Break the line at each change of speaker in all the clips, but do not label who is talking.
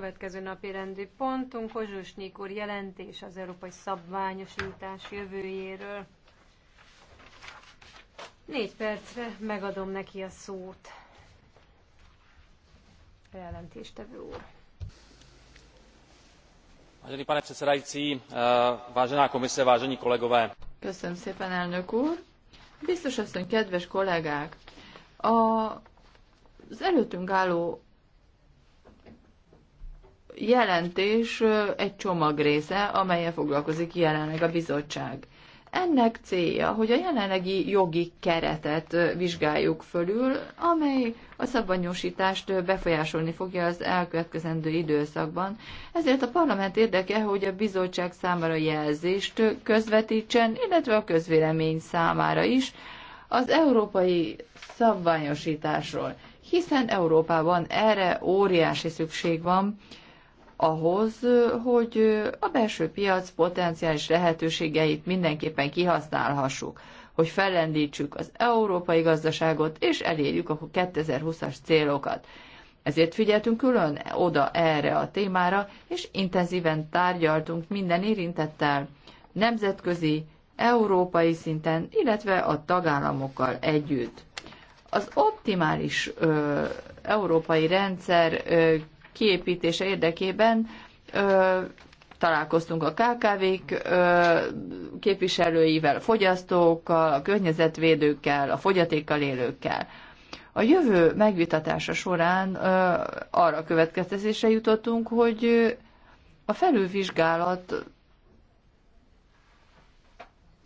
következő napi rendi pontunk Kozsusnyik úr jelentés az európai szabványosítás jövőjéről. Négy percre megadom neki a szót. Jelentéstevő úr.
Vážený pane předsedající, eh, vážená komise, vážení kolegové.
Köszönöm szépen, elnök úr. Biztos asszony, kedves kollégák, a, az előttünk álló jelentés egy csomag része, amelyen foglalkozik jelenleg a bizottság. Ennek célja, hogy a jelenlegi jogi keretet vizsgáljuk fölül, amely a szabványosítást befolyásolni fogja az elkövetkezendő időszakban. Ezért a parlament érdeke, hogy a bizottság számára jelzést közvetítsen, illetve a közvélemény számára is az európai szabványosításról, hiszen Európában erre óriási szükség van, ahhoz, hogy a belső piac potenciális lehetőségeit mindenképpen kihasználhassuk, hogy fellendítsük az európai gazdaságot, és elérjük a 2020-as célokat. Ezért figyeltünk külön oda erre a témára, és intenzíven tárgyaltunk minden érintettel, nemzetközi, európai szinten, illetve a tagállamokkal együtt. Az optimális ö, európai rendszer ö, kiépítése érdekében találkoztunk a KKV-k képviselőivel, a fogyasztókkal, a környezetvédőkkel, a fogyatékkal élőkkel. A jövő megvitatása során arra következtetésre jutottunk, hogy a felülvizsgálat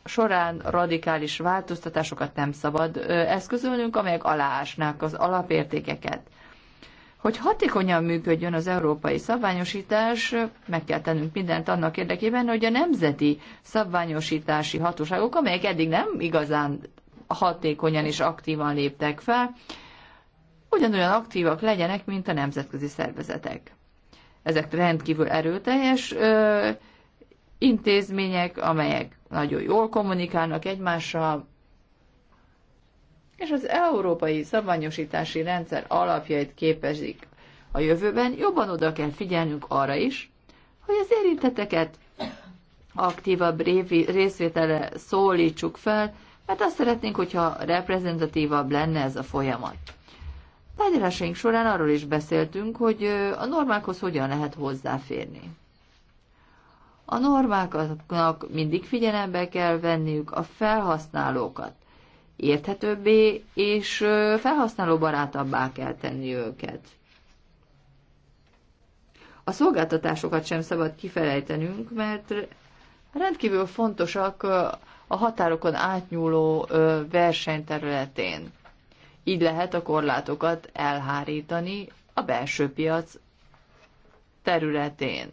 során radikális változtatásokat nem szabad eszközölnünk, amelyek aláásnák az alapértékeket. Hogy hatékonyan működjön az európai szabványosítás, meg kell tennünk mindent annak érdekében, hogy a nemzeti szabványosítási hatóságok, amelyek eddig nem igazán hatékonyan és aktívan léptek fel, ugyanolyan aktívak legyenek, mint a nemzetközi szervezetek. Ezek rendkívül erőteljes ö, intézmények, amelyek nagyon jól kommunikálnak egymással, és az európai szabványosítási rendszer alapjait képezik. A jövőben jobban oda kell figyelnünk arra is, hogy az érinteteket aktívabb részvétele szólítsuk fel, mert azt szeretnénk, hogyha reprezentatívabb lenne ez a folyamat. Tárgyalásaink során arról is beszéltünk, hogy a normákhoz hogyan lehet hozzáférni. A normákatnak mindig figyelembe kell venniük a felhasználókat érthetőbbé és felhasználóbarátabbá kell tenni őket. A szolgáltatásokat sem szabad kifelejtenünk, mert rendkívül fontosak a határokon átnyúló versenyterületén. Így lehet a korlátokat elhárítani a belső piac területén.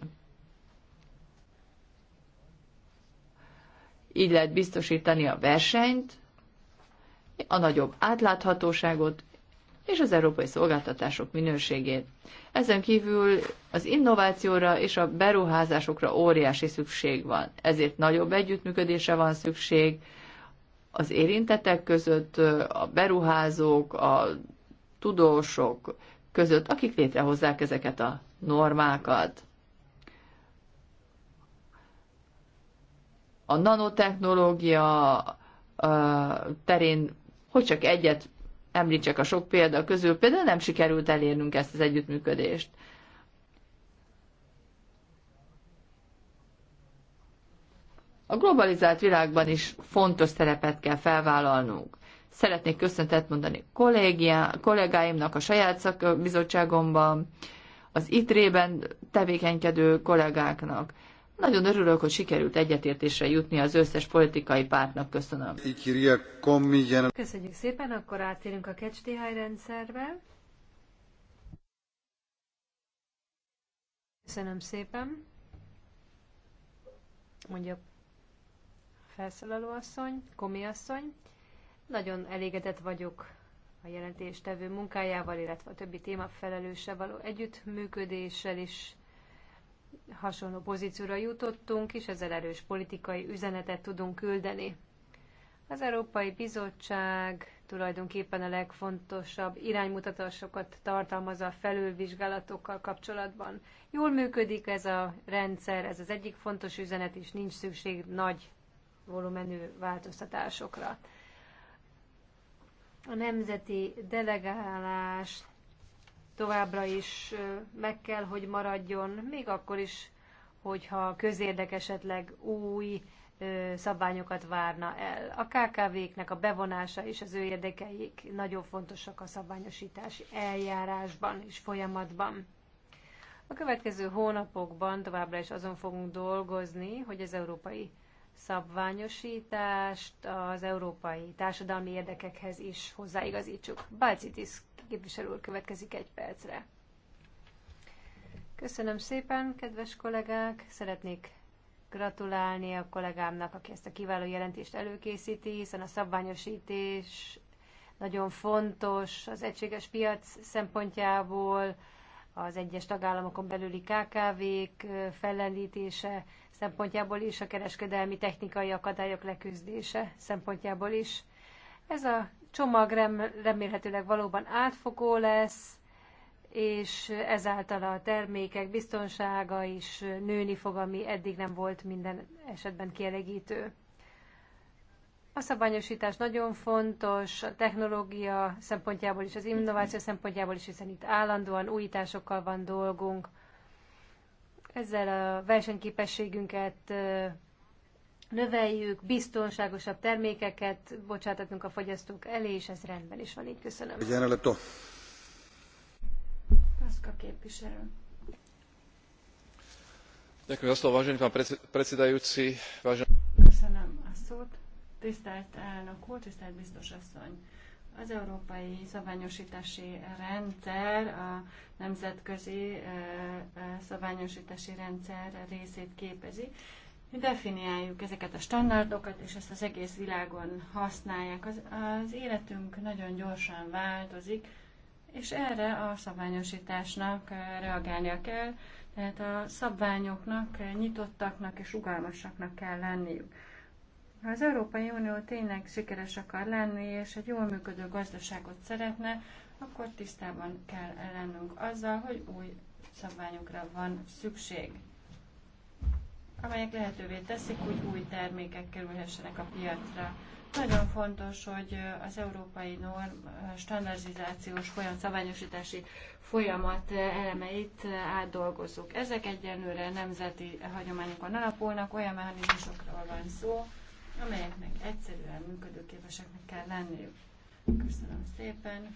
Így lehet biztosítani a versenyt, a nagyobb átláthatóságot és az európai szolgáltatások minőségét. Ezen kívül az innovációra és a beruházásokra óriási szükség van, ezért nagyobb együttműködése van szükség az érintetek között, a beruházók, a tudósok között, akik létrehozzák ezeket a normákat. A nanotechnológia terén hogy csak egyet említsek a sok példa közül, például nem sikerült elérnünk ezt az együttműködést. A globalizált világban is fontos szerepet kell felvállalnunk. Szeretnék köszöntet mondani kollégáimnak a saját szakbizottságomban, az ITRE-ben tevékenykedő kollégáknak. Nagyon örülök, hogy sikerült egyetértésre jutni az összes politikai pártnak. Köszönöm.
Köszönjük szépen, akkor
átérünk a Kecstihály rendszerbe. Köszönöm szépen. Mondja felszólaló asszony, komi asszony. Nagyon elégedett vagyok a jelentéstevő munkájával, illetve a többi témafelelőse való együttműködéssel is hasonló pozícióra jutottunk, és ezzel erős politikai üzenetet tudunk küldeni. Az Európai Bizottság tulajdonképpen a legfontosabb iránymutatásokat tartalmaz a felülvizsgálatokkal kapcsolatban. Jól működik ez a rendszer, ez az egyik fontos üzenet, és nincs szükség nagy volumenű változtatásokra. A nemzeti delegálást továbbra is meg kell, hogy maradjon, még akkor is, hogyha közérdek esetleg új szabványokat várna el. A KKV-knek a bevonása és az ő érdekeik nagyon fontosak a szabványosítási eljárásban és folyamatban. A következő hónapokban továbbra is azon fogunk dolgozni, hogy az európai szabványosítást az európai társadalmi érdekekhez is hozzáigazítsuk. Balcitis Képviselő úr következik egy percre. Köszönöm szépen, kedves kollégák! Szeretnék gratulálni a kollégámnak, aki ezt a kiváló jelentést előkészíti, hiszen a szabványosítás nagyon fontos az egységes piac szempontjából, az egyes tagállamokon belüli KKV-k fellendítése szempontjából is, a kereskedelmi technikai akadályok leküzdése szempontjából is. Ez a csomag remélhetőleg valóban átfogó lesz, és ezáltal a termékek biztonsága is nőni fog, ami eddig nem volt minden esetben kielégítő. A szabványosítás nagyon fontos a technológia szempontjából is, az innováció szempontjából is, hiszen itt állandóan újításokkal van dolgunk. Ezzel a versenyképességünket növeljük, biztonságosabb termékeket bocsátatunk a fogyasztók elé, és ez rendben is van,
így köszönöm. Egyenletó. Paszka képviselő.
Ďakujem za slovo, vážený pán predsedajúci. Vážený...
Köszönöm a szót. Tisztelt elnök úr, tisztelt biztos asszony. Az európai szabványosítási rendszer a nemzetközi eh, eh, szabványosítási rendszer részét képezi mi definiáljuk ezeket a standardokat, és ezt az egész világon használják. Az, az életünk nagyon gyorsan változik, és erre a szabványosításnak eh, reagálnia kell, tehát a szabványoknak eh, nyitottaknak és rugalmasaknak kell lenniük. Ha az Európai Unió tényleg sikeres akar lenni, és egy jól működő gazdaságot szeretne, akkor tisztában kell lennünk azzal, hogy új szabványokra van szükség amelyek lehetővé teszik, hogy új termékek kerülhessenek a piacra. Nagyon fontos, hogy az európai norm standardizációs folyamat, szabványosítási folyamat elemeit átdolgozzuk. Ezek egyenlőre nemzeti hagyományokon alapulnak, olyan mechanizmusokról van szó, amelyeknek egyszerűen működőképeseknek kell lenniük. Köszönöm szépen!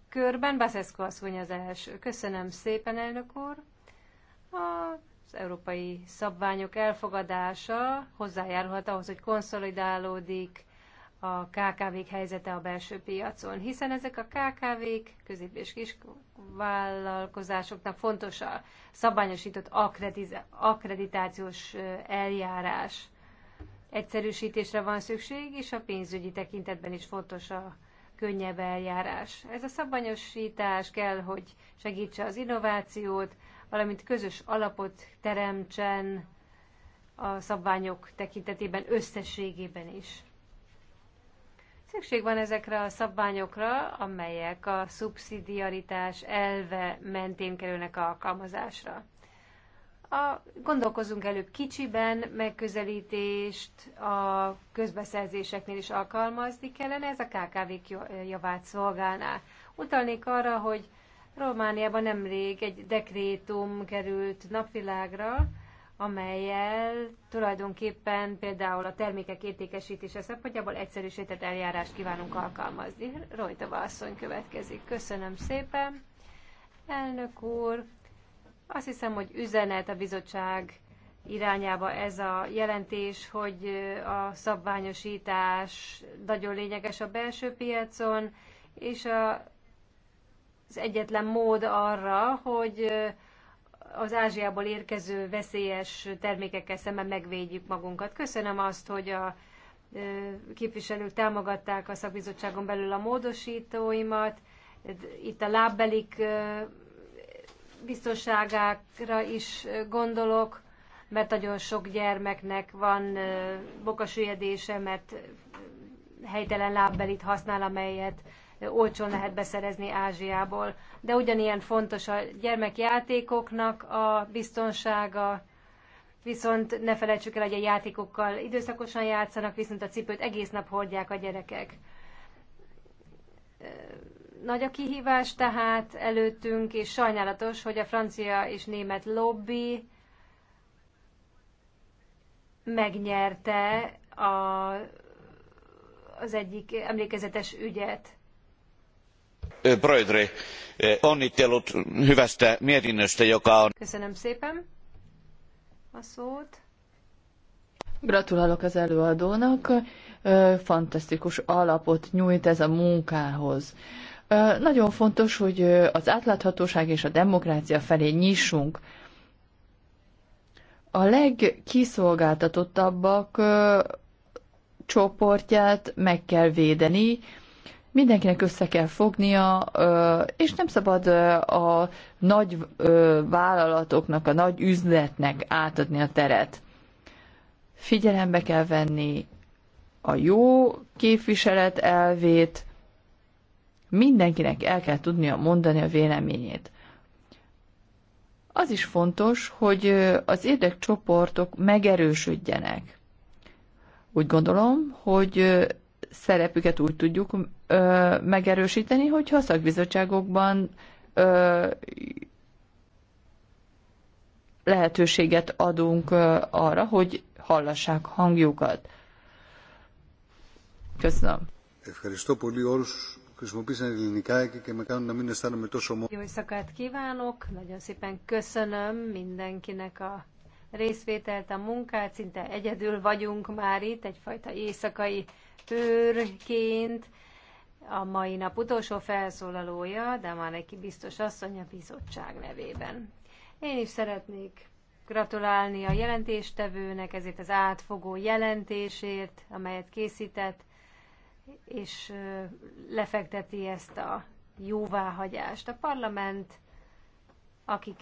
körben. Baszeszko asszony az első. Köszönöm szépen, elnök úr. Az európai szabványok elfogadása hozzájárulhat ahhoz, hogy konszolidálódik a KKV-k helyzete a belső piacon, hiszen ezek a KKV-k, közép- és kisvállalkozásoknak fontos a szabványosított akkreditációs eljárás. Egyszerűsítésre van szükség, és a pénzügyi tekintetben is fontos a könnyebb eljárás. Ez a szabványosítás kell, hogy segítse az innovációt, valamint közös alapot teremtsen a szabványok tekintetében összességében is. Szükség van ezekre a szabványokra, amelyek a szubszidiaritás elve mentén kerülnek alkalmazásra a, gondolkozunk előbb kicsiben, megközelítést a közbeszerzéseknél is alkalmazni kellene, ez a kkv javát szolgálná. Utalnék arra, hogy Romániában nemrég egy dekrétum került napvilágra, amelyel tulajdonképpen például a termékek értékesítése szempontjából egyszerűsített eljárást kívánunk alkalmazni. Rojtova asszony következik. Köszönöm szépen. Elnök úr, azt hiszem, hogy üzenet a bizottság irányába ez a jelentés, hogy a szabványosítás nagyon lényeges a belső piacon, és a, az egyetlen mód arra, hogy az Ázsiából érkező veszélyes termékekkel szemben megvédjük magunkat. Köszönöm azt, hogy a képviselők támogatták a szakbizottságon belül a módosítóimat. Itt a lábbelik biztonságára is gondolok, mert nagyon sok gyermeknek van bokasüllyedése, mert helytelen lábbelit használ, amelyet olcsón lehet beszerezni Ázsiából. De ugyanilyen fontos a gyermekjátékoknak a biztonsága, viszont ne felejtsük el, hogy a játékokkal időszakosan játszanak, viszont a cipőt egész nap hordják a gyerekek. Nagy a kihívás tehát előttünk, és sajnálatos, hogy a francia és német lobby megnyerte a, az egyik emlékezetes ügyet.
Brödre, onnittelut hyvästä mietinnöstä, joka on...
Köszönöm szépen a szót.
Gratulálok az előadónak, fantasztikus alapot nyújt ez a munkához. Nagyon fontos, hogy az átláthatóság és a demokrácia felé nyissunk. A legkiszolgáltatottabbak csoportját meg kell védeni, mindenkinek össze kell fognia, és nem szabad a nagy vállalatoknak, a nagy üzletnek átadni a teret. Figyelembe kell venni a jó képviselet elvét, mindenkinek el kell tudnia mondani a véleményét. Az is fontos, hogy az érdekcsoportok megerősödjenek. Úgy gondolom, hogy szerepüket úgy tudjuk megerősíteni, hogyha a szakbizottságokban lehetőséget adunk arra, hogy hallassák hangjukat. Köszönöm.
Ευχαριστώ jó éjszakát
kívánok, nagyon szépen köszönöm mindenkinek a részvételt, a munkát, szinte egyedül vagyunk már itt, egyfajta éjszakai őrként. A mai nap utolsó felszólalója, de már neki biztos asszony a bizottság nevében. Én is szeretnék gratulálni a jelentéstevőnek ezért az átfogó jelentésért, amelyet készített, és lefekteti ezt a jóváhagyást. A parlament, akik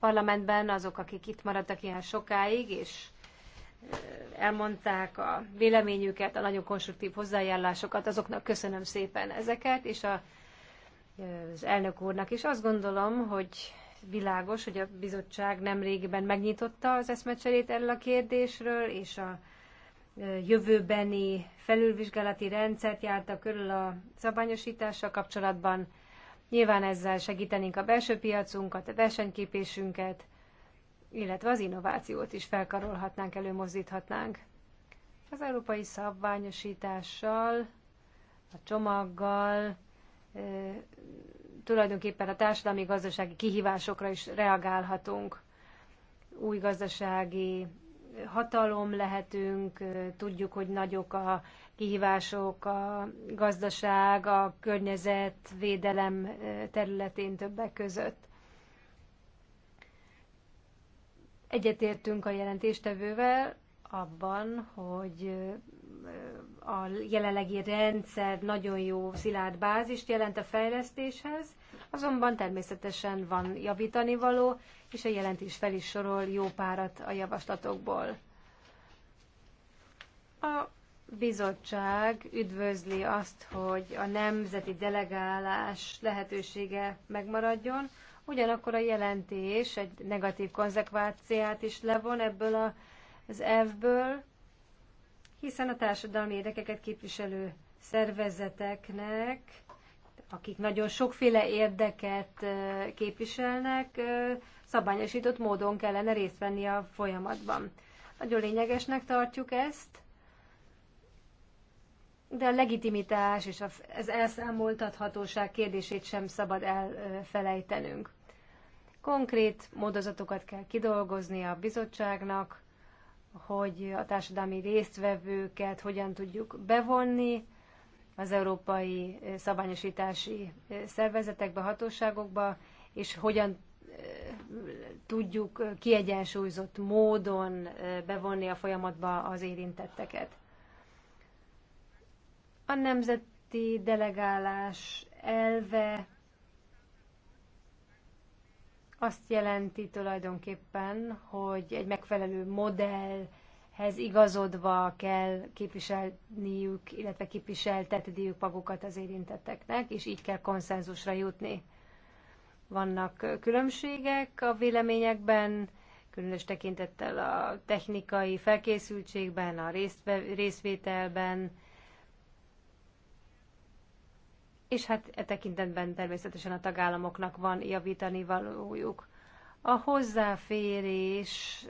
parlamentben azok, akik itt maradtak ilyen sokáig, és elmondták a véleményüket, a nagyon konstruktív hozzájárlásokat, azoknak köszönöm szépen ezeket, és a, az elnök úrnak is azt gondolom, hogy világos, hogy a bizottság nem régiben megnyitotta az eszmecserét erről a kérdésről, és a jövőbeni felülvizsgálati rendszert járta körül a szabályosítással kapcsolatban. Nyilván ezzel segítenénk a belső piacunkat, a versenyképésünket, illetve az innovációt is felkarolhatnánk, előmozdíthatnánk. Az európai szabványosítással, a csomaggal, tulajdonképpen a társadalmi gazdasági kihívásokra is reagálhatunk. Új gazdasági hatalom lehetünk, tudjuk, hogy nagyok a kihívások, a gazdaság, a környezetvédelem területén többek között. Egyetértünk a jelentéstevővel abban, hogy a jelenlegi rendszer nagyon jó szilárd bázist jelent a fejlesztéshez, Azonban természetesen van javítani való, és a jelentés fel is sorol jó párat a javaslatokból. A bizottság üdvözli azt, hogy a nemzeti delegálás lehetősége megmaradjon, ugyanakkor a jelentés egy negatív konzekváciát is levon ebből a, az elvből, hiszen a társadalmi érdekeket képviselő szervezeteknek akik nagyon sokféle érdeket képviselnek, szabályosított módon kellene részt venni a folyamatban. Nagyon lényegesnek tartjuk ezt, de a legitimitás és az elszámoltathatóság kérdését sem szabad elfelejtenünk. Konkrét módozatokat kell kidolgozni a bizottságnak, hogy a társadalmi résztvevőket hogyan tudjuk bevonni, az európai eh, szabványosítási eh, szervezetekbe, hatóságokba, és hogyan eh, tudjuk kiegyensúlyozott módon bevonni a folyamatba az érintetteket. A nemzeti delegálás elve azt jelenti tulajdonképpen, hogy egy megfelelő modell hez igazodva kell képviselniük, illetve képviseltetniük magukat az érintetteknek, és így kell konszenzusra jutni. Vannak különbségek a véleményekben, különös tekintettel a technikai felkészültségben, a részvételben, és hát e tekintetben természetesen a tagállamoknak van javítani valójuk. A hozzáférés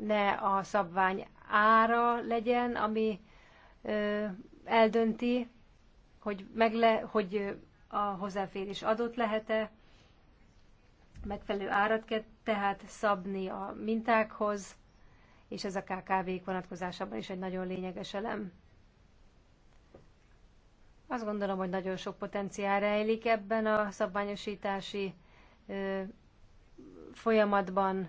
ne a szabvány ára legyen, ami eldönti, hogy, megle, hogy a hozzáférés adott lehet-e, megfelelő árat kell tehát szabni a mintákhoz, és ez a KKV-k vonatkozásában is egy nagyon lényeges elem. Azt gondolom, hogy nagyon sok potenciál rejlik ebben a szabványosítási folyamatban,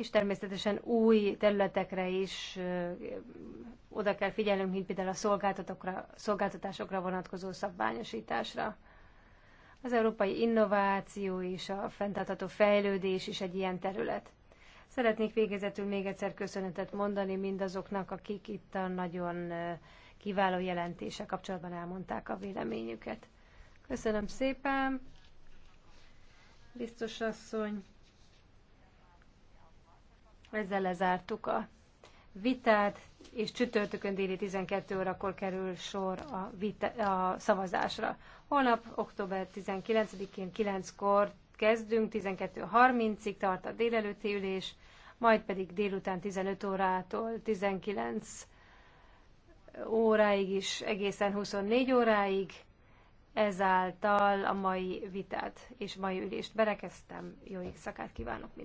és természetesen új területekre is oda kell figyelnünk, mint például a szolgáltatásokra vonatkozó szabványosításra. Az európai innováció és a fenntartható fejlődés is egy ilyen terület. Szeretnék végezetül még egyszer köszönetet mondani mindazoknak, akik itt a nagyon kiváló jelentése kapcsolatban elmondták a véleményüket. Köszönöm szépen, biztos asszony! Ezzel lezártuk a vitát, és csütörtökön déli 12 órakor kerül sor a, vita, a szavazásra. Holnap, október 19-én 9-kor kezdünk, 12.30-ig tart a délelőtti ülés, majd pedig délután 15 órától 19 óráig is, egészen 24 óráig. Ezáltal a mai vitát és mai ülést berekeztem. Jó éjszakát kívánok mindenkinek!